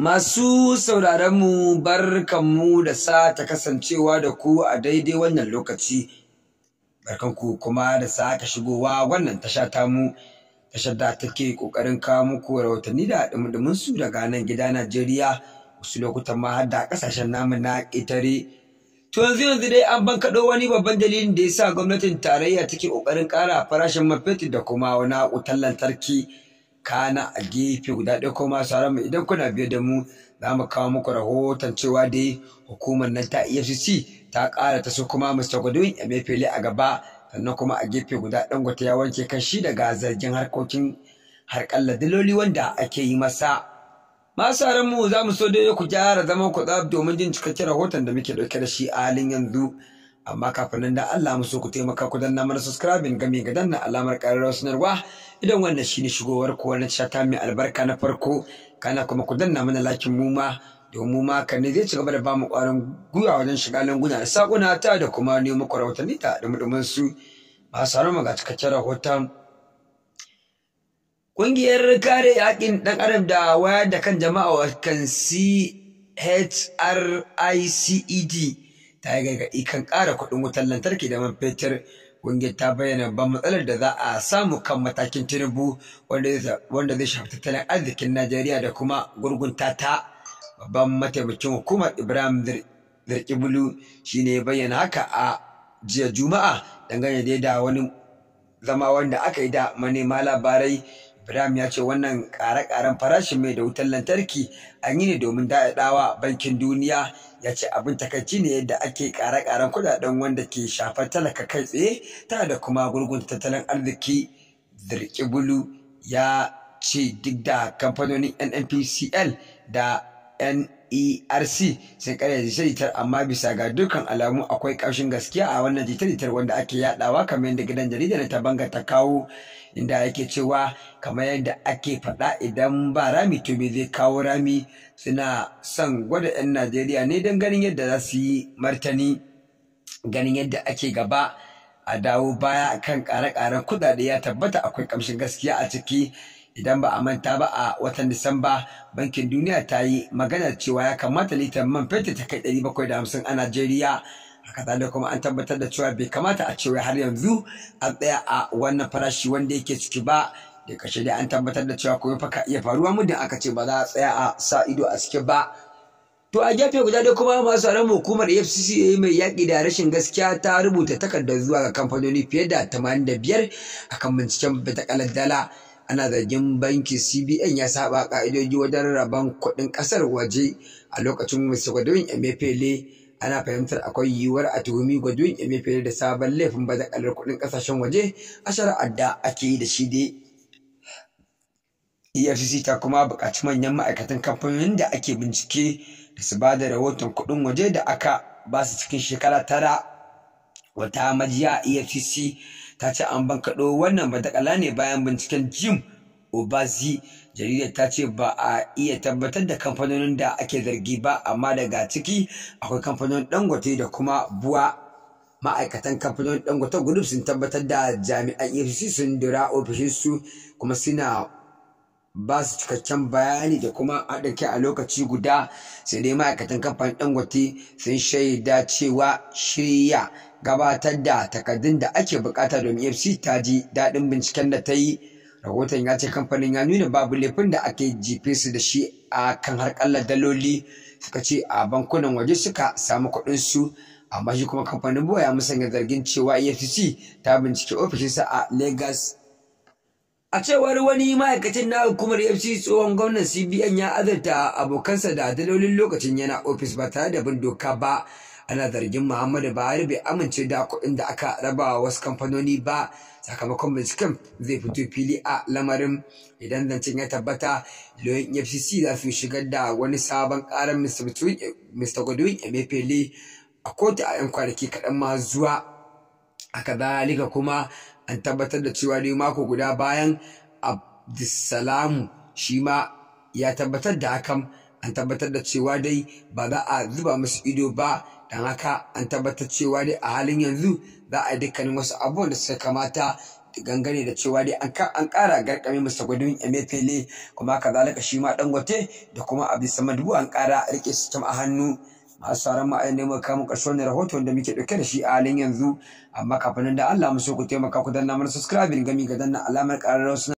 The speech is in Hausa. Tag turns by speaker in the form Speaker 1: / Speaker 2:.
Speaker 1: Masu sauraronmu barkanmu da sata kasancewa da ku a daidai wannan lokaci, barkanku kuma da sake shigowa wannan tasha tamu, tashar da take ƙoƙarin kawo muku rahotanni da su daga nan gida Najeriya, wasu lokutan ma har da ƙasashen namu na ƙetare. To yanzu yanzu dai an bankaɗo wani babban dalilin da ya sa gwamnatin tarayya take ƙoƙarin ƙara farashin man da kuma wani wutar lantarki. kana a gefe guda ɗaya kuma sauran mu idan kuna biye da mu za mu kawo muku rahoton cewa dai hukumar nan ta efcc ta ƙara ta su kuma mr godwin emefiele a gaba sannan kuma a gefe guda dangote ya wanke kan shi daga zargin harkokin harƙallar ladiloli wanda ake yi masa masu mu za mu so dai ku gyara zaman ku tsab domin jin cikakken rahoton da muke ɗauke da shi a halin yanzu amma kafin nan da Allah musu ku taimaka ku danna mana subscribing game ga danna alamar ƙararrawar sanarwa idan wannan shine shigowar ku wannan shata mai albarka na farko kana kuma ku danna mana lakin mu ma domin ma kan zai ci gaba da bamu ƙwarin gwiwa wajen shiga languna da sakuna ta da kuma nemo muku rahotanni ta da mudumin su masu haramu ga cikakken rahoton Ƙungiyar kare yaƙin ɗan adam da wayar da kan jama'a kan CHRICED ta yi gargaɗi kan ƙara kuɗin wutar lantarki da man fetur ƙungiyar ta bayyana ban matsalar da za a samu kan matakin tinubu wanda zai shafi tattalin arzikin najeriya da kuma gurgunta ta babban mataimakin hukumar ibrahim zirkibulu shine ya bayyana haka a jiya juma'a dangane da wani zama wanda aka yi da manema labarai Ibrahim ya ce wannan ƙare-ƙaren farashin mai da wutar lantarki an yi ne domin daɗawa bankin duniya ya ce abin takaici ne yadda ake ƙare-ƙaren kuɗaɗen wanda ke shafar talaka kai tsaye ta da kuma gurgun tattalin arziki zirki bulu ya ce duk da kamfanonin nnpcl da erc sun karya jita-jitar amma bisa ga dukkan alamu akwai ƙarshen gaskiya a wannan jita-jitar wanda ake yadawa kamar yadda gidan jaridar ta banga ta kawo inda yake cewa kamar yadda ake faɗa idan ba rami to me zai kawo rami suna son gwada 'yan najeriya ne don ganin yadda za su yi martani ganin yadda ake gaba a dawo baya kan ƙare-ƙaren kudade ya tabbata akwai kamshin gaskiya a ciki idan ba a manta ba a watan disamba bankin duniya ta yi maganar cewa ya kamata litar man fetur ta kai 750 a najeriya haka da kuma an tabbatar da cewa bai kamata a cewa har yanzu a tsaya a wannan farashi wanda yake ciki ba da kashe dai an tabbatar da cewa kuma faka ka iya faruwa muddin aka ce ba za a tsaya a sa ido a ciki ba To a gefe guda dai kuma masu tsaron hukumar FCC mai yaƙi da rashin gaskiya ta rubuta takardar zuwa ga kamfanoni fiye da 85 akan binciken batakalar dala. ana zargin banki cbn ya saba ka'idoji wajen rabon kuɗin ƙasar waje a lokacin mr godwin emefiele ana fahimtar akwai yiwuwar a tuhumi godwin emefiele da sabon laifin bazakalar kuɗin ƙasashen waje a shari'ar da ake yi da shi dai efcc ta kuma buƙaci manyan ma'aikatan kamfanonin da ake bincike da su ba da rahoton kuɗin waje da aka basu cikin shekara tara wata majiya efcc ta ce an bankaɗo wannan matakala ne bayan binciken jim obazi jaridar ta ce ba a iya tabbatar da kamfanonin da ake zargi ba amma daga ciki akwai kamfanonin dangote da kuma buwa ma'aikatan kamfanonin dangote group sun tabbatar da jami'an efcc sun dira ofishinsu kuma suna ba su cikakken bayani da kuma haɗin kai a lokaci guda sai dai ma'aikatan kamfanin dangote sun shaida cewa shirya gabatar da takardun da ake bukata domin e fc ta ji daɗin binciken da ta yi rahoton ya ce kamfanin ya nuna babu laifin da ake jefe su da shi a kan harƙallar daloli suka ce a bankunan waje suka samu kuɗin su amma shi kuma kamfanin boya musanya zargin cewa efcc ta bincike ofishinsa a lagos A cewar wani ma'aikacin na hukumar FC tsohon gwamnan CBN ya azarta abokansa da dalolin lokacin yana ofis ba tare da bin doka ba. Ana zargin Muhammadu Buhari bai amince da kuɗin da aka raba wa wasu kamfanoni ba sakamakon binciken zai fito fili a lamarin idan zancen ya tabbata lauyan FCC za su shigar da wani sabon ƙarar Mr. Godwin Emefiele a kotu a 'yan kwanaki kaɗan ma zuwa. Haka zalika kuma an tabbatar da cewa dai mako guda bayan abdissalamu shi ma ya tabbatar da hakan an tabbatar da cewa dai ba za a zuba masu ido ba don haka an tabbatar cewa dai a halin yanzu za a yi dukkanin wasu abubuwan da suka kamata gangane da cewa dai an kara garkame masa gudun emefele kuma kazalika shi ma dangote da kuma abdulsamad an kara rike su a hannu masu sauran mu ayin neman kamun ƙarshen wani rahoton da muke ɗauke da shi a halin yanzu amma kafin da Allah mu so ku taimaka ku danna mana subscribing gami ga danna alamar ƙararrawar